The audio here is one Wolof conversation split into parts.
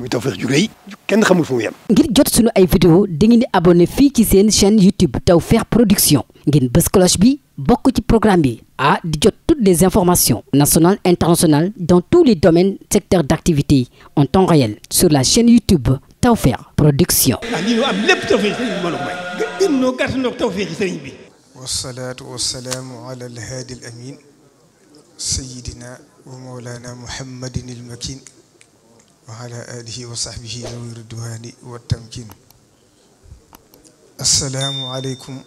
muy Tawfekh ju rëy kenn ngir jot sunu ay vidéo dangeen di abonné fii ci seen chaîne YouTube Tawfekh Production ngeen bës cloche bi bokk ci programme bi ah di jot toutes les informations nationales internationales dans tous les domaines secteurs d'activité en temps réel sur la chaîne YouTube Tawfekh Production. ah lii am lépp Tawfekh sëriñ bi mbooloo mooy. gën gën ñoo gàtt ñoo Tawfekh sëriñ bi. wasalaatu wasalaamu ala al-haadi al-amiin sayyidina wa mawlaana Muhammadin al-makiin. wa ala alihi wa sahbihi zawi ridwani wa tamkin assalaamu aleykum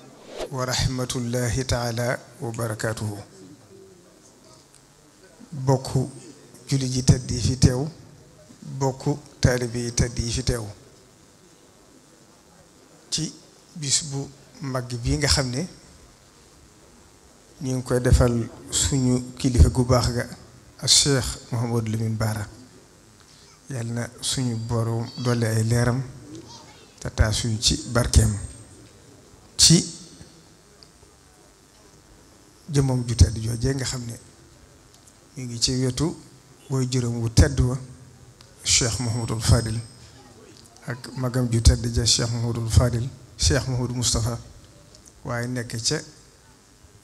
wa rahmatullahi wa barakatuhu bokk julli ji tedd yi fi teew bokk taalibe yi tedd yi fi teew ci bis bu mag bii nga xam ne ñu ngi koy defal suñu kilifa gu baax ga ak Cheikh Mouhamadou Lamine Bara yal na suñu borom dolli ay leeram te taasuñu ci barkeem ci jëmmam ju tedd joojee nga xam ne ñu ngi ci wetu booy juróom wu tedd wa Cheikh Mouhamadul Fadil ak magam ju tedd ja Cheikh Mouhamadul Fadil Cheikh waaye nekk ca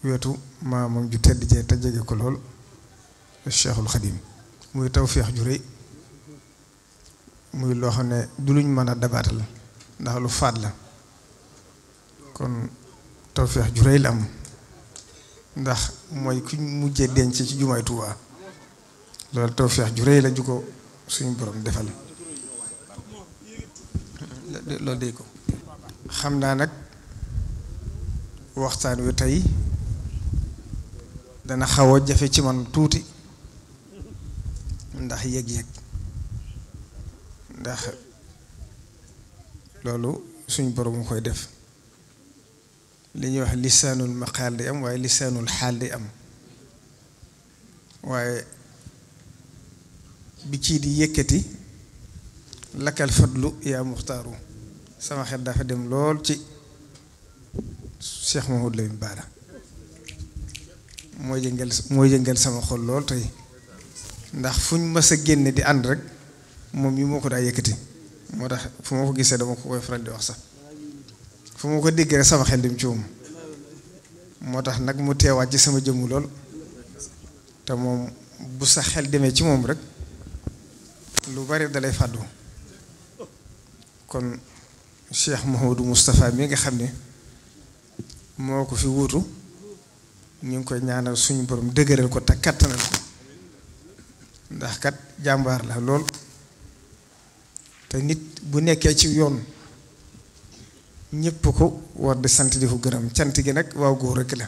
wetu maamam ju tedd jee te jege ko lool Cheikhul Khadim muy tawféex ju rëy muy loo xam ne du luñ mën a dabaatal ndax lu faat la kon tawfeex ju rëy la am ndax mooy ku mujjee denc ci jumaay Tuubaa loolu tawfeex ju rëy la ju ko suñu boroom defal loolu day ko xam naa nag waxtaan wi tey dana xaw a jafe ci man tuuti ndax yëg-yëg ndax loolu suñ borom koy def li ñuy wax lisaanul maqaal day am waaye lisaanul xaal day am waaye bi ci di yëkkati lakkal fadlu yaa muxtaaru sama xel dafa dem lool ci Cheikh Mahmoud Lamine Bara moo yëngal moo yëngal sama xol lool tey ndax fuñ mës a génne di ànd rek moom yi moo ko daa yëkkati moo tax fu ma ko gisee dama ko koy faral di wax sax fu ma ko déggee sama xel dem ci moom moo tax nag mu teewaat ci sama jëmm lool te moom bu sax xel demee ci moom rek lu bari dalay fàddu kon Cheikh Mouhamadou Moustapha mi nga xam ne moo ko fi wuutu ñu ngi koy ñaanal suñu borom dëgëral ko te kattanal ko ndax kat jàmbaar la lool te nit bu nekkee ci yoon ñépp ko war di sant di ko gërëm cant gi nag waaw góor rekk la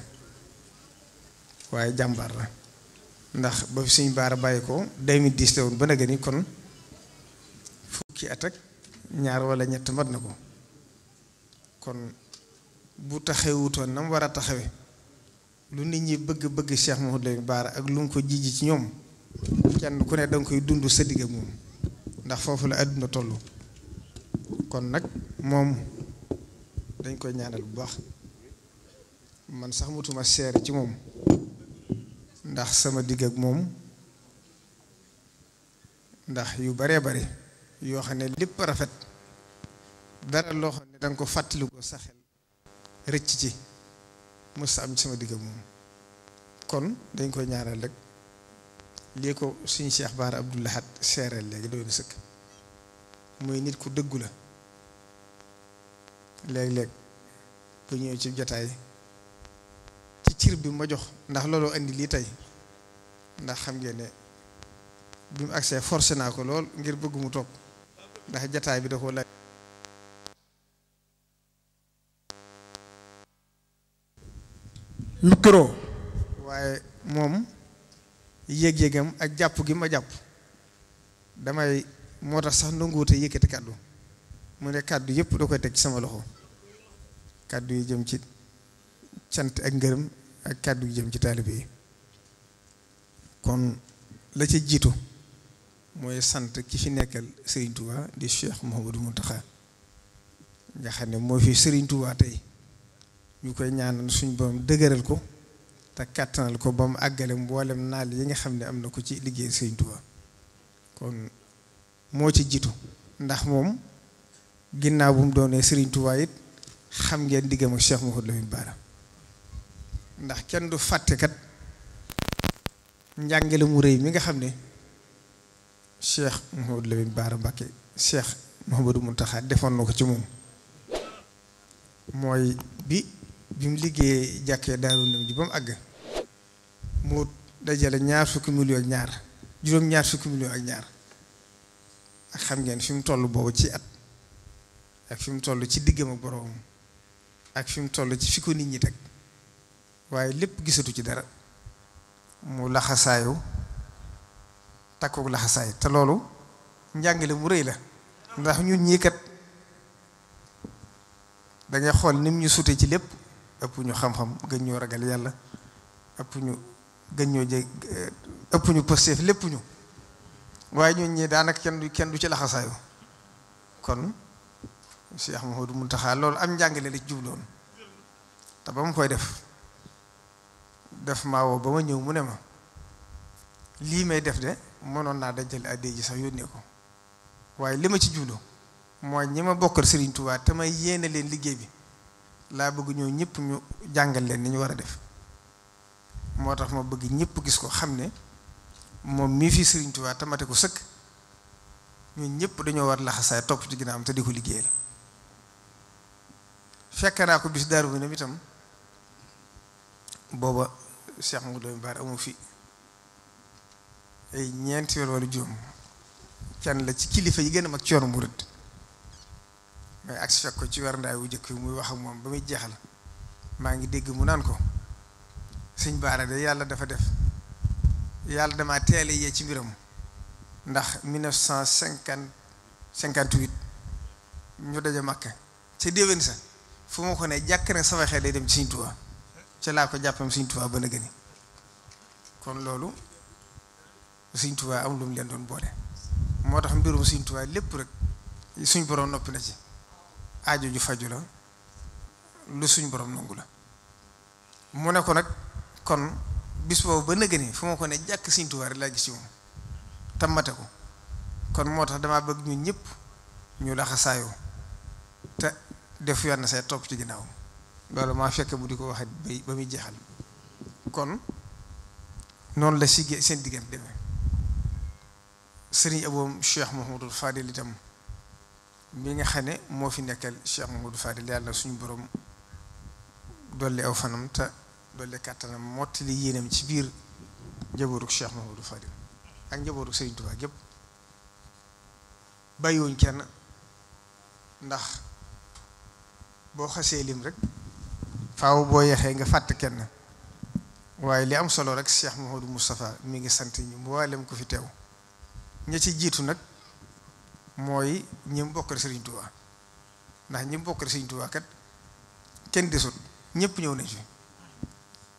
waaye jàmbar la ndax ba suñ baara bàyyi ko 2010 la woon ba nag ni kon fukki at ñaar wala ñett mat na ko kon bu taxawutoon na war a taxawe lu nit ñi bëgg bëgg Cheikh Mouhamadou Lamine baar ak lu mu ko jiji ci ñoom kenn ku ne danga koy dund sa digg moom ndax foofu la àdduna toll kon nag moom dañ koy ñaanal bu baax man sax mutuma seer ci moom ndax sama digg ak moom ndax yu baree bari yoo xam ne lépp rafet dara loo xam ne danga ko fàttaliku sa xel rëcc ci mos am ci sama digg ak moom kon dañ koy ñaanal rek lii ko suñ Cheikh Baara Abdou Lahad seereel léegi doy na sëkk muy nit ku dëggu la léeg-léeg bu ñëw ci jataay ci cir bi ma jox ndax looloo indi lii tey ndax xam ngeen ne bi mu agsee forcé naa ko lool ngir bëgg mu toog ndax jataay bi da koo laaj micro waaye moom yëg-yëgam ak jàpp gi ma jàpp damay moo tax sax nanguwute yëkkati kàddu mu ne kàddu yëpp doo koy teg ci sama loxo kàddu yi jëm ci cant ak ngërëm ak kàddu yi jëm ci taalibe yi kon la ca jiitu mooy sant ki fi nekkal Serigne Touba di Cheikh Mouhamadou Mountakha nga xam ne moo fi Serigne Touba tey ñu koy ñaanal suñu borom dëgëral ko te kàttanal ko ba mu àggale mboolem naal yi nga xam ne am na ko ci liggéey Sëriñ Tuubaa kon moo ci jiitu ndax moom ginnaaw bu mu doonee Sëriñ it xam ngeen diggam ak Cheikh Mouhamadou Lamine Bara ndax kenn du fàtte kat mu rëy mi nga xam ne Cheikh Mouhamadou Lamine Bara Mbacké Cheikh Mouhamadou Mountakha defoon na ko ci moom mooy bi bi mu liggéeyee jàkkee daaru ndam ji ba mu àgg mu dajale ñaar fukki million ak ñaar juróom ñaar fukki million ak ñaar ak xam ngeen fi toll boobu ci at ak fi mu toll ci diggam ak boroom ak fi toll ci fi ko nit ñi teg waaye lépp gisatu ci dara mu laxasaayu takku laxasaay te loolu njàngale mu rëy la ndax ñun ñii kat dangay xool nim ñu suutee ci lépp ëpp ñu xam-xam gën ñoo ragal yàlla ëpp ñu gën ñoo jég eh, ëpp ñu pësteef lépp ñu waaye ñooñ ñi daanaka kenn du kenn du ci laxasaayu kon Cheikh Mouhamadou taxaa loolu am njàngale la ci jubloon te ba mu koy def def maa woo ba ma ñëw mu ne ma lii may def de mënoon naa dajale àddee ji sax yónnee ko waaye li ma ci jublu mooy ñi ma bokkal Serigne Touba te may yéene leen liggéey bi laa bëgg ñoo ñëpp ñu jàngal leen ni ñu war a def moo tax ma bëgg ñëpp gis ko xam ne moom mii fi Sëriñ tamate ko sëkk ñun ñëpp dañoo war laxasaay topp ci ginnaawam te di ko liggéeyal fekk naa ko bis itam booba Cheikh Mouhamadou Lamine Bara amu fi ay ñeenti weer wala juróom kenn la ci kilifa yi gën a mag ci yoonu murid mais ak si fekk ko ci weer ndaay wu jëkk wi muy wax ak moom ba muy jeexal maa ngi dégg mu naan ko sëñ Baara de yàlla dafa def yàlla dama teela yee ci mbiram ndax 1950 58 ñu daje Makka ca déwén sa fu ma ko ne jàkk na sama day dem ci Sëñ Tuubaa laa ko jàppam Sëñ Tuubaa ba na gëni kon loolu Sëñ Tuubaa am lu mu leen doon boole moo tax mbirum Sëñ Tuubaa lépp rek suñ borom noppi na ci aajo ju faju la lu suñ borom nangu la mu ne ko nag kon bis boobu ba nëgë ni fu ma ko ne jàkk Sëriñ Tuubaa rek laa gis ci moom tammate ko kon moo tax damaa bëgg ñun ñëpp ñu laxa te def yoon na say topp ci ginnaaw loolu maa fekk bu di ko waxee ba muy jeexal kon noonu la siggee seen diggante demee sëriñ aboom Cheikh Mouhamadul Fadil itam mi nga xam ne moo fi nekkal Cheikh Mouhamadul Fadil yàlla suñu boroom dolli aw fanam te. dolli kàttanam mottali yéenam ci biir njabootu Cheikh Mamadou Fadil ak njabootu Serigne Touba gépp bàyyiwuñ kenn ndax boo xasee lim rek faw boo yeexee nga fàtt kenn waaye li am solo rek Cheikh Mamadou mi ngi sant ñu mboolem ko fi teew ña ci jiitu nag mooy ñi mu bokkal ndax ñi mu bokkal Serigne Touba kat kenn desut ñëpp ñëw nañ fi.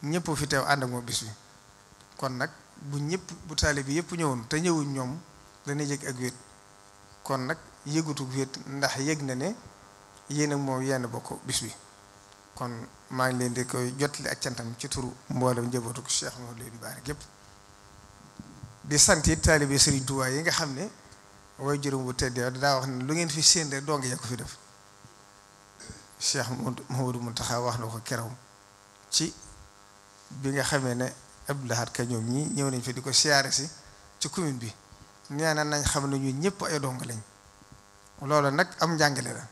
ñëpp fi teew ànd ak moom bis bi kon nag bu ñëpp bu taali bi yëpp ñëwoon te ñëwuñ ñoom dana yëg ak wéet kon nag yëgutu wéet ndax yëg na ne yéen ak moom yenn bokk bis bi kon maa ngi leen di koy jotli ak cantam ci turu mboole njabootu Cheikh Mawlid bi baar gépp di sant it taalibe Serigne Touba yi nga xam ne way juróom bu tedd wax ne lu ngeen fi séen rek dong yaa fi def Cheikh Mouhamadou wax na ko keroog ci bi nga xamee ne Abdou Lahad Ka ñoom ñii ñëw nañ fi di ko siyaare si ci commune bi nee na nañ xam ne ñu ñëpp ay dong lañ loolu nag am njàngale la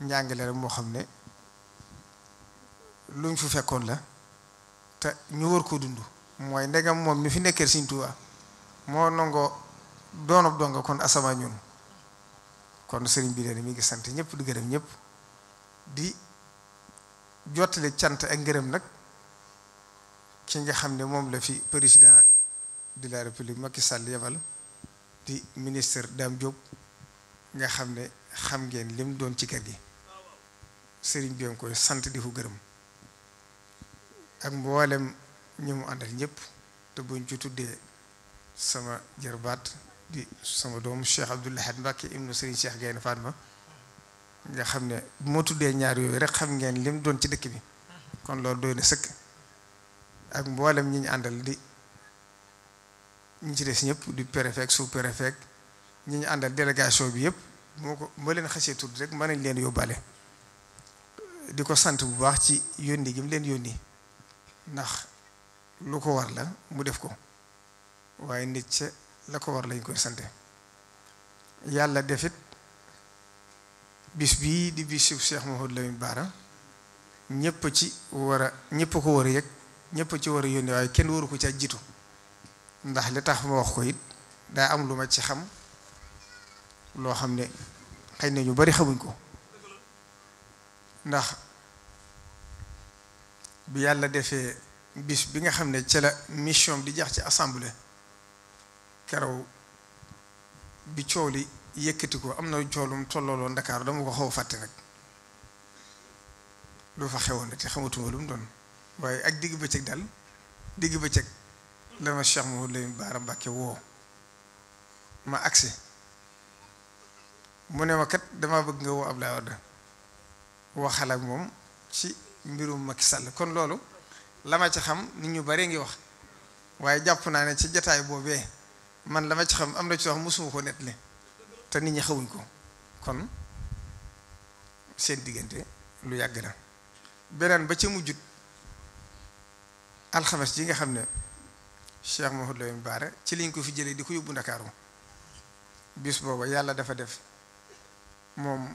njàngale la moo xam ne luñ fi fekkoon la te ñu wër koo dund mooy ndegam moom mi fi nekkee Sëriñ Tuubaa moo nangoo doonab donga kon asama ñun kon sëriñ bi leen mi ngi sant ñëpp di gërëm ñëpp di jottale cant ak ngërëm nag ki nga xam ne moom la fi président de la république Macky Sall yebal di ministre Dame Diop nga xam ne xam ngeen lim doon ci kër gi sëriñ bi nga koy sant di ko gërëm ak mboolem ñi mu àndal ñëpp te buñ ci tuddee sama jërbaat di sama doom Cheikh Abdoul Ahad Mbacké na sëriñ Cheikh Gaynde ma nga xam ne moo tuddee ñaar yooyu rek xam ngeen lim doon ci dëkk bi kon loolu doy na sëkk. ak mboolem ñi ñu àndal di ñi ci des ñëpp di préfet sous préfet ñi àndal délégation bi yëpp moo ko moo leen xasee tudd rek mën nañ leen yóbbaale di ko sant bu baax ci yónni gi mu leen yónni ndax lu ko war la mu def ko waaye nit ca la ko war lañ koy sante yàlla defit bis bii di bisu Cheikh Mouhamadou Lamine Bara ñëpp ci war a ñëpp ko war a yëg ñëpp ci war a yónnee waaye kenn waru ko ca jito ndax li tax ma wax ko it daa am lu ma ci xam loo xam ne xëy na ñu bari xamuñ ko ndax bi yàlla defee bis bi nga xam ne ci la mission di jeex ci assemblée keroog bi coow li yëkkati ko am na lu coolum tollooloon Dakar dama ko xaw a fàtte nag lu fa xewoon te xamatuma lu mu doon waaye ak digg bëccëg daal digg bëccëg la ma Cheikh Mouhamadou Lamine Bara Mbacke woo ma agsi mu ne ma kat damaa bëgg nga woo Abdoulaye Wade waxal ak moom ci mbirum Macky Sall kon loolu la ci xam nit ñu bare ngi wax waaye jàpp naa ne ci jataay boobee man la ci xam am na ci wax mosuma ko nettali te nit ñi xawuñ ko kon seen diggante lu yàgg la beneen ba ci mujjut alxames ji nga xam ne Cheikh Mouhamadou Lamine Bara ci liñ ko fi jëlee di ko yóbbu Ndakaaru bis booba yàlla dafa def moom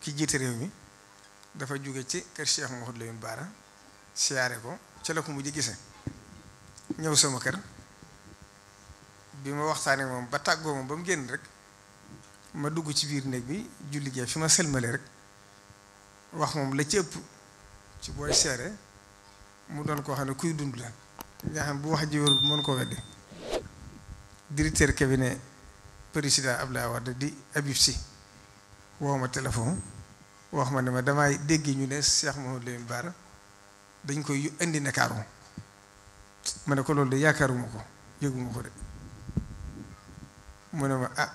ki jiita réew mi dafa jóge ci kër Cheikh Mouhamadou Lamine Bara siyaare ko ca la ko mujj gise ñëw sama kër bi ma waxtaanee moom ba tàggoo moom ba mu génn rek ma dugg ci biir néeg bi julli gee fi ma sëlmale rek wax moom la ci ëpp ci booy seere mu doon ko xam ne kuy dund la nga xam bu wax ji wër mën koo weddi directeur cabinet président Abdoulaye Wade di Habib Sy woo ma téléphone wax ma ne ma damay dégg ñu ne Cheikh Mouhamadou Lamine Bara dañ koy indi Ndakaaru ma ne ko loolu de yaakaaruma ko yëguma ko de mu ne ma ah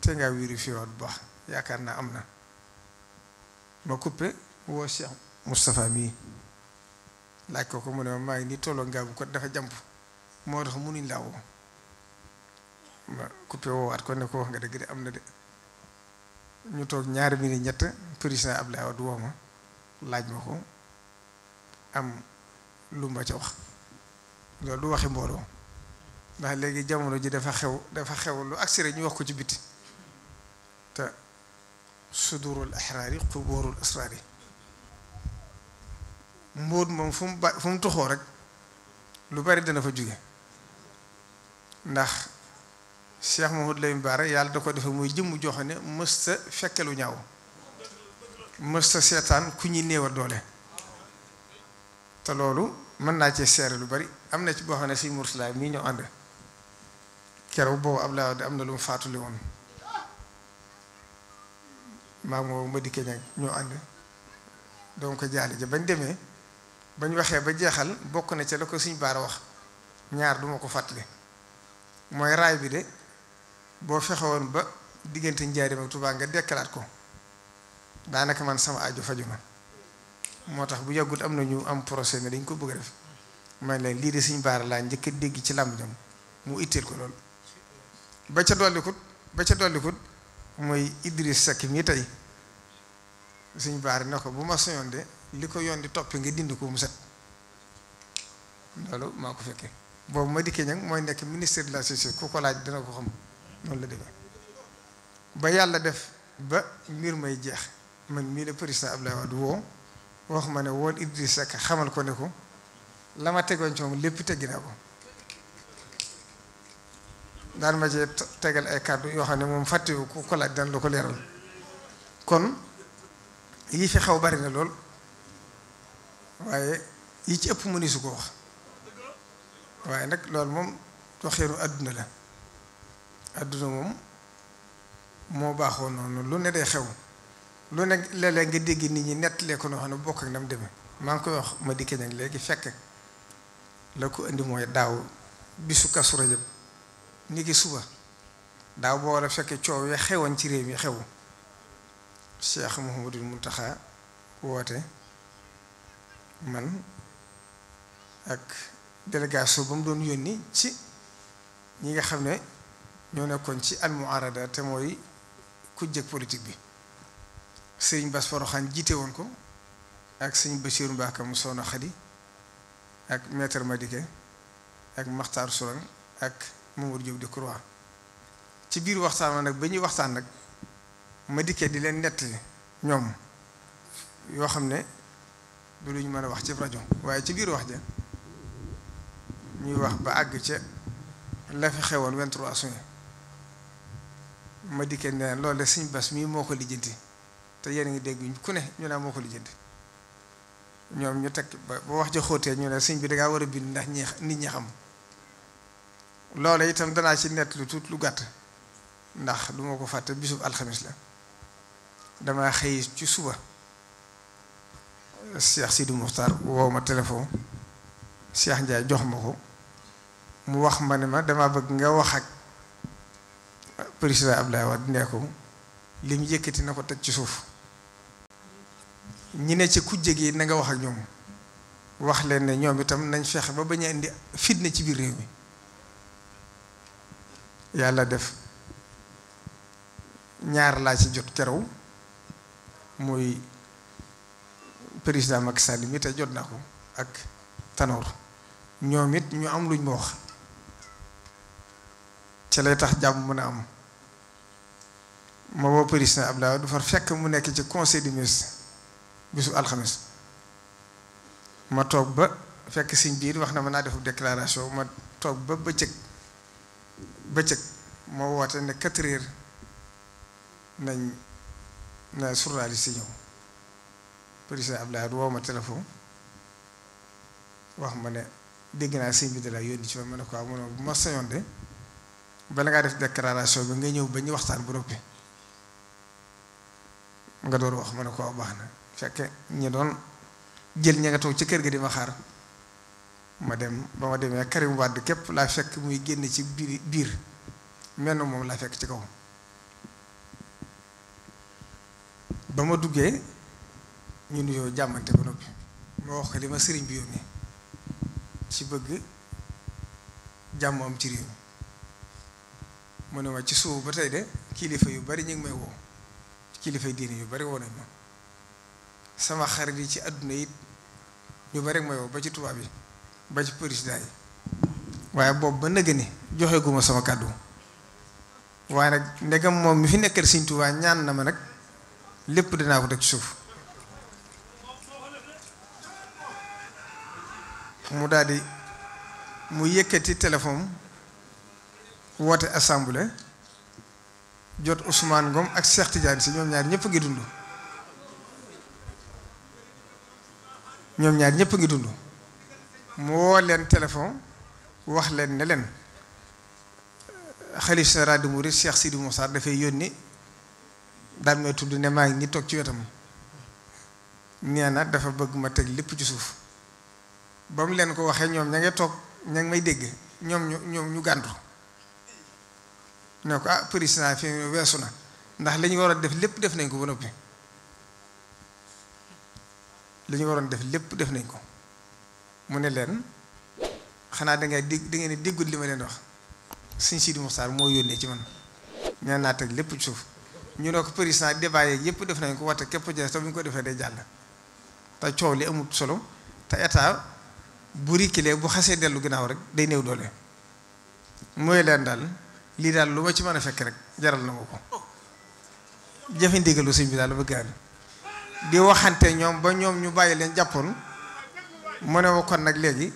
te ngaa vérifié waat bu baax yaakaar naa am na ma coupé woo Cheikh Moustapha mii laaj koo ko mu ne maa ngi nii tolloo ngaabu ko dafa jàmp moo tax munuñ laa woo ma coupé woowaat ko ne ko wax nga dëgg de am na de ñu toog ñaari minutes ñett président Abdoulaye Wade woo ma laaj ma ko am lu ma ca wax loolu du waxi mbooloo ndax léegi jamono ji dafa xew dafa xew lu accéléré ñu wax ko ci biti te sudurul ahraari qubuurul asraari mbóot moom fu mu ba fu mu tuxoo rek lu bari dana fa jóge ndax Cheikh Mahmoud Lamine Bara yàlla da ko defe muy jëmm joxe ne mësta fekke lu ñaaw mësta seetaan ku ñuy néewal doole te loolu mën naa ci seere lu bari am na ci boo xam ne si mursalaay mii ñoo ànd keroog boobu ab laa am na lu mu faatuli woon maa moom ma dikkee ñoo ànd donc jaali ja bañ demee bañ waxee ba jeexal bokk na ca la ko suñ baara wax ñaar duma ko fàttali mooy raay bi de boo fexewoon ba diggante njaarim ak Tuubaa nga dekkalaat ko daanaka man sama aju faju ma moo tax bu yàggut am na ñu am procès ne dañ ko bëgg a def may leen lii de suñ baara laa njëkk dégg ci làmb jam mu itteel ko lool ba ca dollikut ba ca dollikut mooy Idriss Seck mii tey suñ baara ne ko bu ma soñoon de li ko yoon di toppee nga dindi ko mu set loolu ma ko fekkee boobu ma dikkee ñag mooy nekk ministre de la société ku ko laaj dina ko xam noonu la demee ba yàlla def ba mbir may jeex man mii la président Abdoulaye Wade woo wax ma ne woon Idrissa Seck xamal ko ne ko la ma tegoon ci lépp teggi na ko daan ma cee tegal ay kàddu yoo xam ne moom fàttewu ku ko laaj dana la ko leeral kon yi fi xaw bari na lool waaye yi ci ëpp su ko wax waaye nag loolu moom waxeeru àdduna la àdduna moom moo baaxoo noonu lu ne day xew lu ne léeg-léeg nga dégg nit ñi nettalee ko noo xam ne bokk ak nam demee maa ngi koy wax ma dikkee nag léegi fekk la ko indi mooy daaw bisu Kazu Rajab ni ki suba daaw boo war a fekkee coow ya xewoon ci réew mi xew Cheikh Mouhamadul Mountakha woote man ak délégation ba mu doon yónni ci ñi nga xam ne ñoo nekkoon ci almuarada te mooy ku jëkk politique bi sëriñ Bass Porokhane jiite woon ko ak sëriñ Bassirou Mbacké mu Soxna Xadi ak maître Madické ak Makhtar Sourang ak Mamadou Diop Decroix ci biir waxtaan wa nag ba ñuy waxtaan nag Madické di leen nettali ñoom yoo xam ne du ñu mën a wax ci rajo waaye ci biir wax ja ñuy wax ba àgg ca la fi xewoon ma dikkee ne loolu de Sëñ Bass mii moo ko lijjanti te yéen a ngi dégg ku ne ñu naa moo ko lijjanti ñoom ñu teg ba wax ja xóotee ñu ne sëñ bi dangaa war a bind ndax ñi nit ñi xam loola itam danaa ci nett lu tuut lu gàtt ndax du ko fàtte bisub alxamis la dama xëy ci suba Cheikh Sidi Moukhtar woo ma téléphone Cheikh Ndiaye jox ma ko mu wax ma ne ma dama bëgg nga wax ak président Abdoulaye Wade nee ko li mu yëkkati na ko teg ci suuf ñi ne ci kuj gi na wax ak ñoom wax leen ne ñoom itam nañ fexe ba bañ a indi fitna ci biir réew mi yàlla def ñaar laa ci jot keroog muy. président Macky Sall mi te jot naa ko ak Tanor ñoom it ñu am luñ ma wax ci lay tax jàmm mën a am ma woo président Abdoulaye du far fekk mu nekk ci conseil des ministres bisu alxames ma toog ba fekk siñ biir wax na ma naa def déclaration ma toog ba bëccëg bëccëg ma woote ne quatre heures nañ na journaliste yi ñëw président Abdoulaye woo ma téléphone wax ma ne dégg naa sëñ bi dalaa yónni ci ma ne ko ah ma bu ma sañoon de bala ngaa def déclaration bi nga ñëw ba ñu waxtaan bu noppi nga doon wax ma ne ko ah baax na fekke ñi doon jël ña nga toog ci kër gi di ma xaar ma dem ba ma demee Karim Wade képp laa fekk muy génn ci biir biir mel na moom laa fekk ci kaw ba ma duggee. ñu nuyoo jàmmante ba noppi ma wax ko li ma sëriñ bi yónnee ci bëgg jàmm am ci réew mu ne ma ci suuf ba tey de kilifa yu bari ñu ngi may woo kilifa diine yu bari woo nañ ma sama xarit yi ci àdduna yi ñu bari may wow ba ci tubaab yi ba ci président yi waaye boobu ba nëgg ni sama kàddu waaye nag ndegam moom mu fi nekkal Sëriñ Tuubaa ñaan na ma nag lépp dinaa ko teg ci suuf mu daal di mu yëkkati téléphone woote assemblée jot Ousmane Ngom ak Cheikh Tidiane si ñoom ñaar ñëpp ngi dund ñoom ñaar ñëpp a ngi dund mu woo leen téléphone wax leen ne leen xalif général des mourides Cheikh Sidi Moussa dafay yónni daal tudd ne maa ngi nii toog ci wetam nee na dafa bëgg ma teg lépp ci suuf. ba mu leen ko waxee ñoom ña ngay toog ña ngi may dégg ñoom ñu ñoom ñu gàntu ne ko ah président fi weesu na ndax li ñu waroon def lépp def nañ ko ba noppi li ñu waroon def lépp def nañ ko mu ne leen xanaa dangay dégg da ngeen di li ma leen wax sëñ Sidi Moxtaar moo yónnee ci man ñeen naa teg lépp ci suuf ñu ne ko président débat yeeg yëpp def nañ ko waxte képp jeex te bu ñu ko defee day jàll te coow li amul solo te état. bu rikkilee bu xasee dellu ginnaaw rek day néew doole mooy leen daal lii daal lu ma ci mën a fekk rek jaral na ma ko jafe ndigalu sëñ bi daal a bëgg naa di waxante ñoom ba ñoom ñu bàyyi leen jàppoon mu ne ma kon nag léegi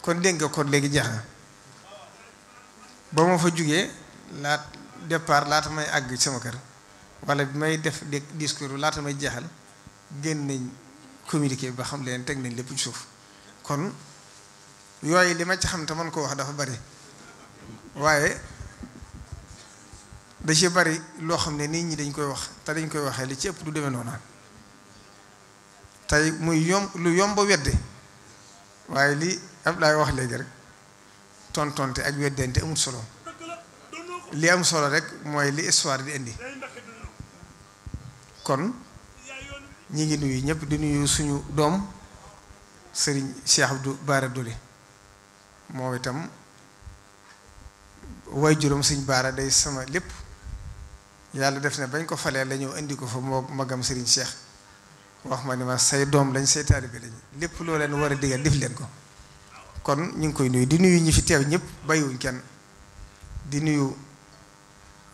kon dégg nga kon léegi jeex na ba ma fa jugee laat départ laata may àgg sama kër wala bi may def discours laata may jeexal génn nañ communiqué ba xam leen teg nañ lépp ci suuf. kon yooyu li ma ci xam te man koo wax dafa bari waaye da ci bari loo xam ne nit ñi dañ koy wax te dañ koy waxee li ci ëpp du demee noona tey muy yomb lu yomb wedd waaye li Abdoulaye wax léegi rek tontonte ak weddente amul solo li am solo rek mooy li histoire di indi kon ñi ngi nuyu ñëpp di nuyu suñu doom sëriñ Cheikh Abdou Baara Doli moom itam way juróom sëñ Baara day sama lépp yàlla def na bañ ko falee la ñëw indi ko fa moo magam sëriñ Cheikh wax ma ni ma say doom lañ say bi lañ lépp loo leen war a digal def leen ko kon ñu ngi koy nuyu di nuyu ñi fi teew ñëpp bàyyiwuñ kenn di nuyu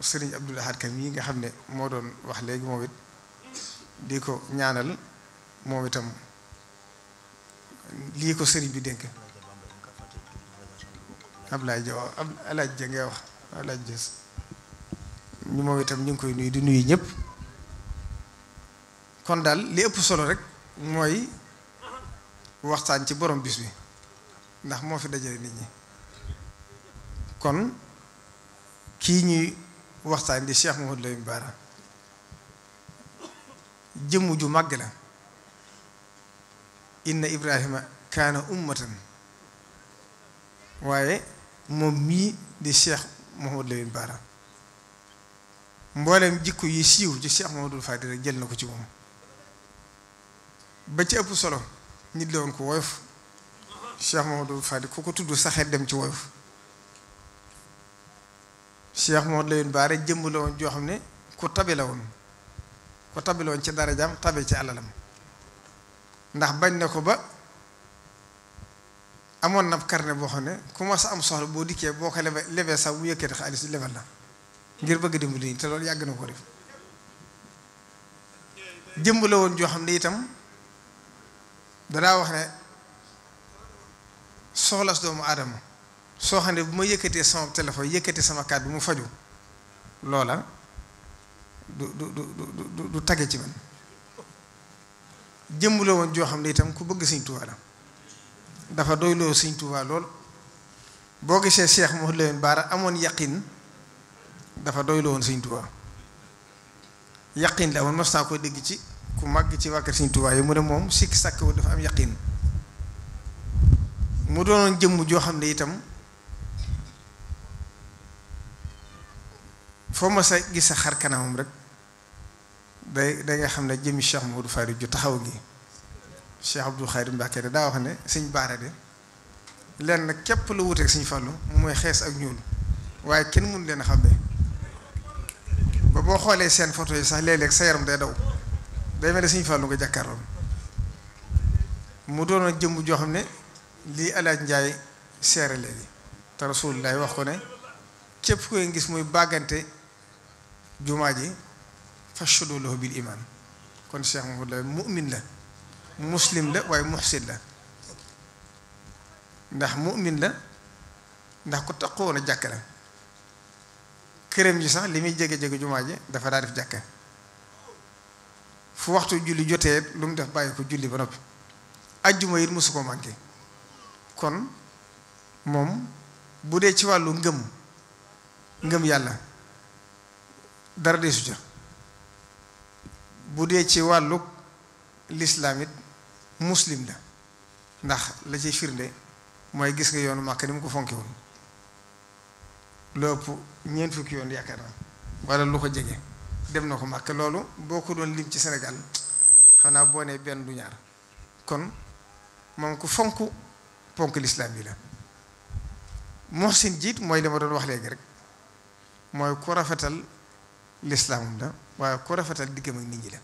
sëriñ Abdoul Ahad Kam yi nga xam ne moo doon wax léegi moom it di ko ñaanal moom itam. lii ko sëriñ bi dénk Ablaye Dia wax Ablaye Dia ngay wax Ablaye Dia ñu moom itam ñu ngi koy nuyu di nuyu ñëpp kon daal li ëpp solo rek mooy waxtaan ci borom bis bi ndax moo fi dajale nit ñi kon kii ñuy waxtaan di Cheikh Mouhamadou Lamine Bara jëmm ju màgg la inna ibrahima kaana ummatan waaye moom mii di cheikh Mouhamadou Lamine Bara mboolem jikko yi siiw ci cheikh Mouhamadou Fadil rek ko ci moom ba ci solo nit la woon ko woyof cheikh Mouhamadou Fadil ko tudd saxeet dem ci woyof cheikh Mouhamadou Lamine Bara jëmm la woon joo xam ne ku tabe la woon ku tabe la woon ci darajaam tabe ci alalam ndax bañ ne ko ba amoon na carnet boo xam ne ku ma sa am soxla boo dikkee boo ko lebe lebee sax mu yëkkati xaalis lebal la ngir bëgg dimbali te loolu yàgg na ko def jëmb la woon joo xam ne itam danaa wax ne soxla su doomu aadama soo xam ne bu ma yëkkatee sama téléphone yëkkate sama kàddu mu faju loola du du du du du tage ci man jëmm la woon joo xam ne itam ku bëgg Sëñ Tuubaa la dafa doyloo Sëñ Tuubaa lool boo gisee Cheikh Mouhamadou Lamine Bara amoon yaqin dafa doyloo woon Sëñ Tuubaa yaqin la amoon mas naa ko dégg ci ku màgg ci wàkkat Sëñ Tuubaa yi mu ne moom sikki sàkk wu dafa am yaqin mu doonoon jëmm joo xam ne itam foo ma sa gis sa xar kanamam rek day da xam ne jëmi Cheikh Modou Fari ju taxaw gi Cheikh Abdou Khadre Mbacké de daa wax ne sëñ Baara de lenn képp la wuteeg sëñ Fallou mooy xees ak ñuul waaye kenn mun leen a xam ba boo xoolee seen foto yi sax léeg-léeg sa yaram day daw day mel ne sëñ Fallou nga jàkkaarloo mu doon jëmm joo xam ne lii alaaj njaay seere léegi te lay wax ko ne képp koy gis muy bàggante jumaa ji fashhadu lahu bil iman kon Cheikh Mouhamadou Lamine mu'min la muslim la waaye muhsin la ndax mu mu'min la ndax ku taqoon a jàkk la këram ji sax li muy jege jege jumaa ji dafa daa def jàkk fu waxtu julli jotee lu mu def bàyyi ko julli ba noppi ajjuma it mosu ko manqué kon moom bu dee ci wàllu ngëm ngëm yàlla dara dee su ca bu dee ci wàllu lislaam it muslim la ndax la ciy firnde mooy gis nga yoonu màkk ni mu ko fonke woon lu ëpp ñeent fukki yoon yaakaar naa lu ko jege dem na ko màkk loolu boo ko doon lim ci Sénégal xanaa boo nee benn du ñaar kon moom ku fonk ponk lislaam bi la Muhsin jiit mooy li ma doon wax léegi rek mooy ku rafetal lislaamam la waaye ku rafetal diggam ak nit ñi la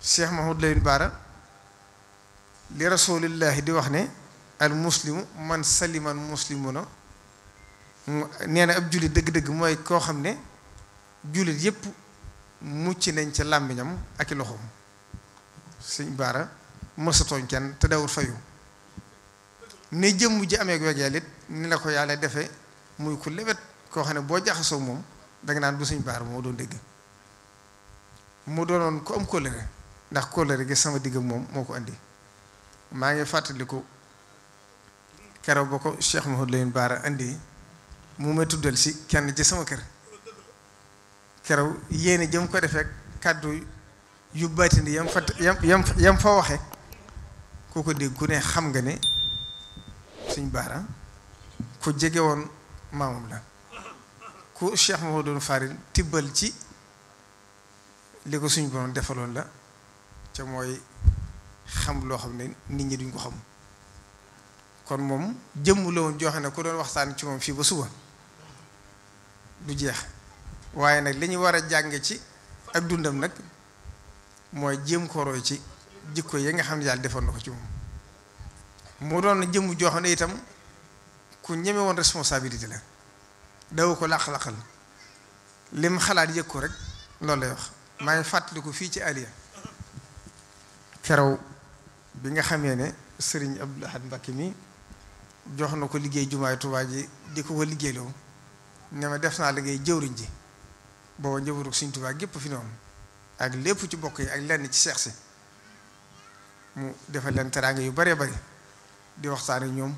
Cheikh Mahmoud Lamine Baara li rasulillahi di wax ne al muslimu man saliman muslimuna nee neena ab jullit dëgg-dëgg mooy koo xam ne jullit yépp mucc nañ ca làmbiñam ak i loxoom sëñ Baara mësatooñ kenn te dawul fayu ne jëmm ji amee ak it ni la ko yàlla defe muy ku lewet koo xam ne boo jaxasoo moom danga naan du suñ baar moo doon dégg mu doonoon ku am kóllëre ndax kóllëre gi sama digg moom moo ko indi maa ngi fàttaliku keroog ba ko Cheikh Mouhamadou Lamine Bara indi mu may tuddal si kenn ci sama kër keroog yéene jëm ko defee kàddu yu baatindi yam fa yam yam fa waxe ku ko dégg ku ne xam nga ni suñ baara ku jege woon maamam la ku moo Mouhamadou Farid tibbal ci li ko suñ borom defaloon la ca mooy xam loo xam ne nit ñi duñ ko xam kon moom jëmm la woon joo xam ne ku doon waxtaan ci moom fii ba suba du jeex waaye nag li ñu war a jànge ci ak dundam nag mooy jéem ko ci jikko yi nga xam ne yàlla defoon na ko ci moom moo doon jëmm joo xam itam ku ñeme woon responsabilité la daw ko laq lim xalaat yëg ko rek loolu lay wax maa ngi fàttaliku fii ci aliya keroog bi nga xamee ne sëriñ Abdul Ahad Mbacké mi jox na ko liggéey jumaay Tuubaa ji di ko ko liggéeyloo ne ma def naa liggéey jëwriñ ji booba njëwurug Sëriñ Tuubaa gépp fi noonu ak lépp ci bokk yi ak lenn ci seex si mu defal leen teraanga yu bare bari di waxtaan ak ñoom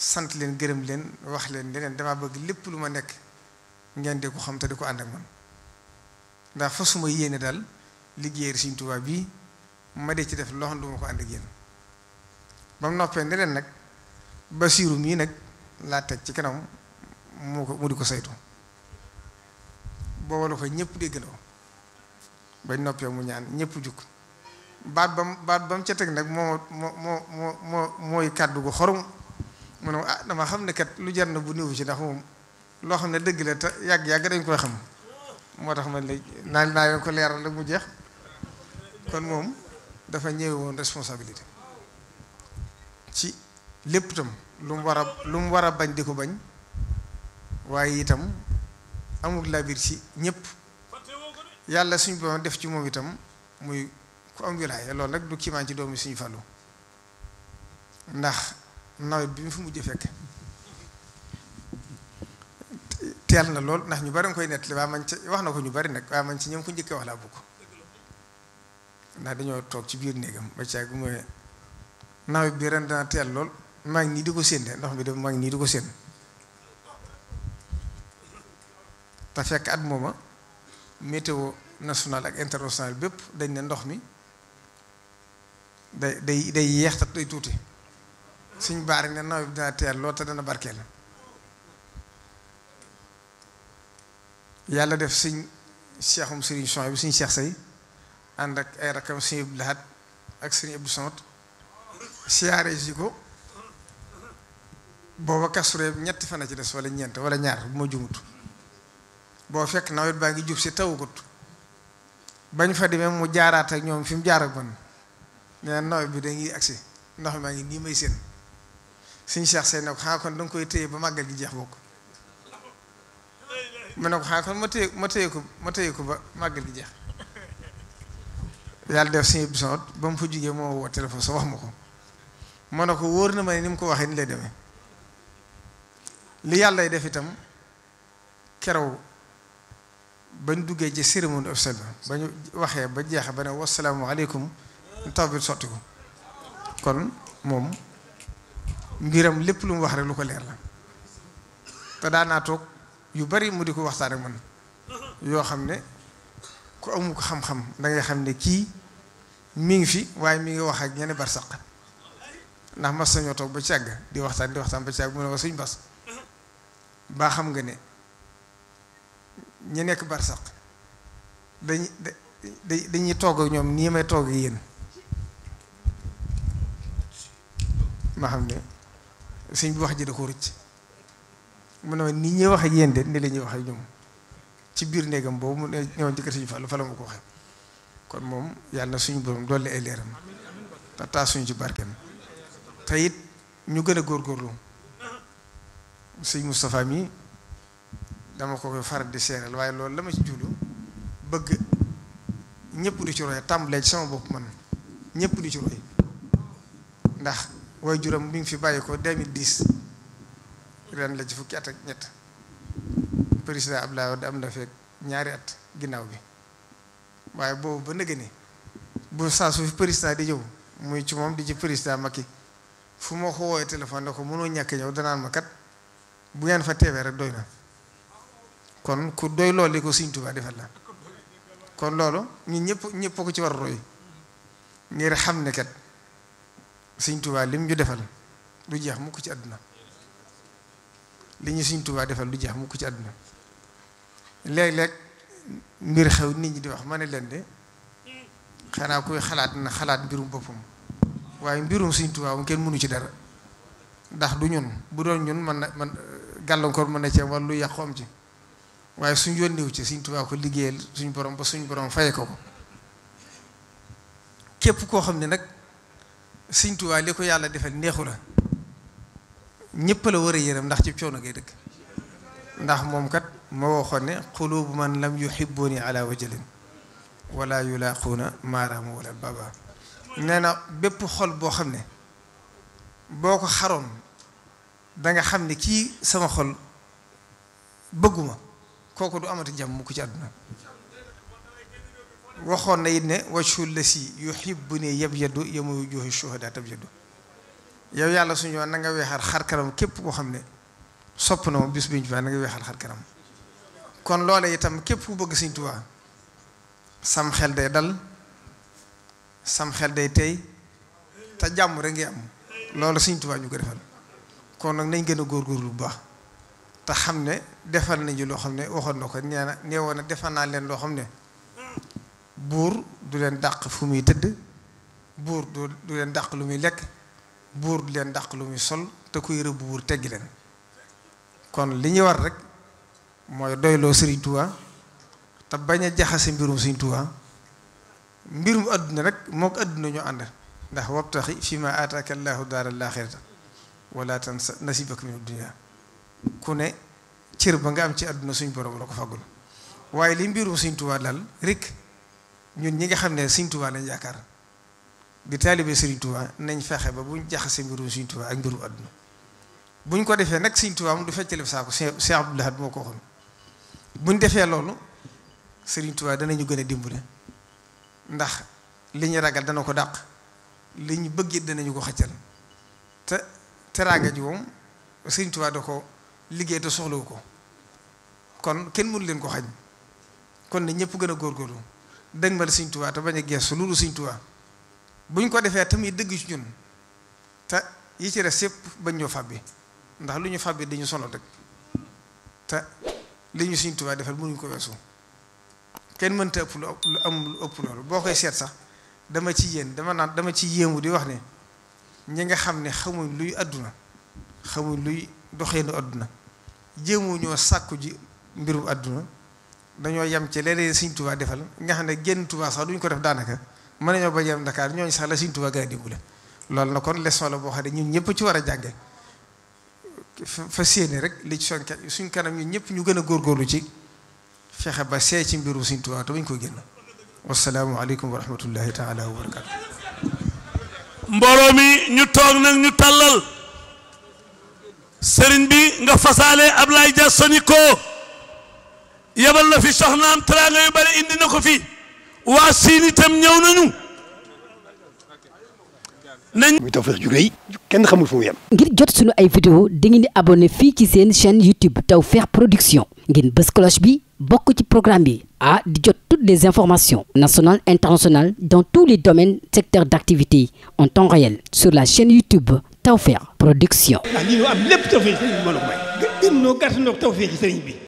sant leen gërëm leen wax leen leneen damaa bëgg lépp lu ma nekk ngeen di ko xam te di ko ànd ak man ndax fa suma yéene daal liggéey Sëriñ Tuubaa bii ma dee ci def loo xam ko ànd ak yéen ba mu noppee ne leen nag Basiiru mii nag laa teg ci kanam mu ko mu di ko saytu booba la ko ñëpp dégg na bañ noppee mu ñaan ñëpp jukk baat ba mu baat ba mu ca teg nag moo moo moo moo mooy kàddu gu xorom mu ne ah dama xam ne kat lu jar na bu néew ci ndax moom loo xam ne dëgg la te yàgg yàgg dañ koy xam moo tax ma léegi naa naa leen ko leeral rek mu jeex kon moom dafa ñëwe woon responsabilité ci lépp itam lu mu war a lu mu war a bañ di ko bañ waaye itam amul labir ci ñëpp yàlla suñu borom def ci moom itam muy ku am wilaaya loolu nag du kiimaan ci doomi suñu fàllu ndax nawet bi mu fi mujj fekk teel na lool ndax ñu bari nga koy nettali waa man ci wax na ko ñu bari nag waa man ci ñoom ko njëkkee wax laa bokk ndax dañoo toog ci biir néegam ba caag bi mooy nawet bi ren dana teel lool maa ngi nii di ko séen de ndox mi de maa nii di ko séen te fekk at mooma météo national ak international bépp dañ ne ndox mi day day day yeex te tuuti suñ baar ne nawet bi dana teel lool te dana barkeel yàlla def suñ seexum sëriñ son bi siñ seex say ànd ak ay rakam suñu Abdou Lahad ak suñu Abdou Samad siyaare si ko booba kasturee ñetti fan a ci des wala ñeent wala ñaar bu ma jumut boo fekk nawet baa ngi jub si tawugut bañ fa demee mu jaaraat ak ñoom fi mu jaar ak man nee nawet bi da ngi agsi ndox maa ngi nii may seen suñu Cheikh Seye na ko xanaa kon danga koy téye ba màggal gi jeex bokk mu ne ko xanaa kon ma téye ma téye ko ma ko ba màggal gi jeex yàlla def suñu bisoot ba mu fa jugee moo woo téléphone sa wax ma ko ma ne ko wóor na ma ne ni mu ko waxee ni lay demee li yàlla def itam keroog bañ duggee ci cérémonie officielle ba ñu waxee ba jeex ba ne wasalaamu aleykum taw bi sotti ko kon moom. mbiram lépp lu mu wax rek lu ko leer la te daanaa toog yu bari mu di ko waxtaan ak man yoo xam ne ku amu ko xam-xam dangay xam ne kii mi ngi fi waaye mi ngi wax ak ñene barsaq ndax mas sañoo toog ba càgg di waxtaan di waxtaan ba càgg mu ne wa suñ bas baa xam nga ne ñi nekk barsaq dañu dañuy togg ak ñoom nii may togg yéen ma xam ne sëñ bi wax ji ko rëcc mu na ma ni ñuy wax ak de ni la ñuy wax ak ñoom ci biir néegam boobu mu ne ñëwoon ci kër sëñ Fallou fa la ma ko waxee kon moom yàlla suñu borom dolli ay leeram te taa suñu ci barkeem te it ñu gën a góorgóorlu sëñ Moustapha mi dama ko koy faral di seeral waaye loolu la ma ci jublu bëgg ñëpp di ci roy tàmbalee ci sama bopp man ñëpp di ci roy ndax. waaye juróom bi ngi fi bàyyi ko 2010 ren la ci fukki at ak ñett président Abdoulaye Wade am na fekk ñaari at ginnaaw bi waaye boobu ba nëgë ni bu saa su fi président di jëw muy ci moom di ci président Macky fu ma ko woowee téléphone ko mënoo ñàkk ñëw danaan ma bu ngeen fa teewee rek doy na kon ku doy loolu li ko Sëriñ Tuubaa la kon loolu ñun ñëpp ñëpp ko ci war roy ngir xam ne kat sëñ Tuubaa lim ñu defal du jeex mukk ci àdduna li ñu sëñ Tuubaa defal du jeex mukk ci àdduna léeg-léeg mbir xew nit ñi di wax ma leen de xanaa kuy xalaat na xalaat mbirum boppam waaye mbirum Sëñ Tuubaa mu kenn mënu ci dara ndax du ñun bu doon ñun man na man gàllankoor mën na ci wala lu yàqu am ci waaye suñ yónniwu ci Sëñ Tuubaa ko liggéeyal suñ borom ba suñ borom faye ko ko képp koo xam ne nag Sëñ Tuubaa li ko yàlla defal neexu la ñëpp la war a yërëm ndax ci coono ngay dëkk ndax moom kat moo waxoon ne qulubu man lam yuhibbuni ala wajalin wala yulaaquuna maaraamu wala baba nee na bépp xol boo xam ne boo ko xaroon danga xam ne kii sama xol bëgguma kooku du amati jàmm mu ko ci àdduna waxoon na it ne wajhu lasi yuhibbuni yabyadu yawma wujuhi shuhada tabyadu yow yàlla suñu yoon na nga weexal xar kanam képp koo xam ne sopp na ma bis biñ fa na nga weexal xar kanam kon loole itam képp ku bëgg Sëñ Tuubaa sam xel day dal sam xel day tey te jàmm rek ngay am loolu Sëñ Tuubaa ñu ko defal kon nag nañ gën a góor góorgóorlu bu baax te xam ne defal nañu loo xam ne waxoon na ko nee na nee woon na defal naa leen loo xam ne buur du leen dàq fu muy tëdd buur du du leen dàq lu muy lekk buur du leen dàq lu muy sol te kuy rëbb buur teggi leen kon li ñu war rek mooy doyloo Sëriñ Tuubaa te bañ a jaxase mbirum Sëriñ Tuubaa mbirum àdduna rek moo ko àdduna ñu ànd ndax wabtaxi fi ma aataaka llaahu daara l-aaxirata wala tansa nasiibaka mina dunya ku ne cër ba nga am ci àdduna suñ borom la ko fagul waaye li mbirum Sëriñ Tuubaa daal rek ñun ñi nga xam ne Sëriñ Tuubaa lañ yaakaar di taalibe Sëriñ Tuubaa nañ fexe ba buñ jaxase mbirum Sëriñ Tuubaa ak mbirum àdduna buñ ko defee nag Sëriñ Tuubaa mu du feccale saako Cheikh Abdoul Ahad moo ko waxoon buñ defee loolu Sëriñ Tuubaa danañu gën a dimbale ndax li ñu ragal dana ko dàq li ñu bëgg danañu ko xëccal te teraanga ji woom Sëriñ Tuubaa da ko liggéey te soxlawu ko kon kenn mënu leen ko xaj kon ne ñëpp gën a góor góorgóorlu dëgmal Sëñ Tuubaa te bañ a geesu loolu Sëñ Tuubaa buñ ko defee tamit dëgg ci ñun te yi ci res yëpp bañ ñoo fàbbi ndax lu ñu fàbbi dañu sonal rek te li ñu Sëñ Tuubaa defal mënuñ ko weesu kenn mënta ëpp lu am lu ëpp loolu boo koy seet sax dama ci yéen dama naan dama ci yéemu di wax ne ñi nga xam ne xamuñ luy àdduna xamuñ luy doxee doxeenu àdduna jéemoo ñoo sàkku ji mbirum àdduna dañoo yem ci léeg-léeg Sëriñ Tuubaa defal nga xam ne génn Tuubaa sax duñ ko def daanaka mën nañoo ba yem Dakar ñooñu sax la Sëriñ Tuubaa gën a dimbale loolu na kon leçon la boo xam ne ñun ñëpp ci war a jànge fa séene rek li ci son suñ kanam ñun ñëpp ñu gën a góor góorgóorlu ci fexe ba see ci mbiru Sëriñ Tuubaa te buñ ko génn wasalaamu aleykum wa rahmatullahi taala wa barakaatu mbooloo mi ñu toog nag ñu tàllal sëriñ bi nga fasaale Ablaye Dia Sonico yabal na fi soxnaam teraanga yu bari indi na ko fi waa siin itam ñëw nañu. nañ. ngir jot sunu ay vidéo dangeen di abonné fii ci seen chaîne YouTube Tawfekh Production ngeen bës cloche bi bokk ci programme bi ah di jot toutes les informations national internationales dans tous les domaines secteurs d'activité en temps réel sur la chaine YouTube Tawfekh Production. Ah,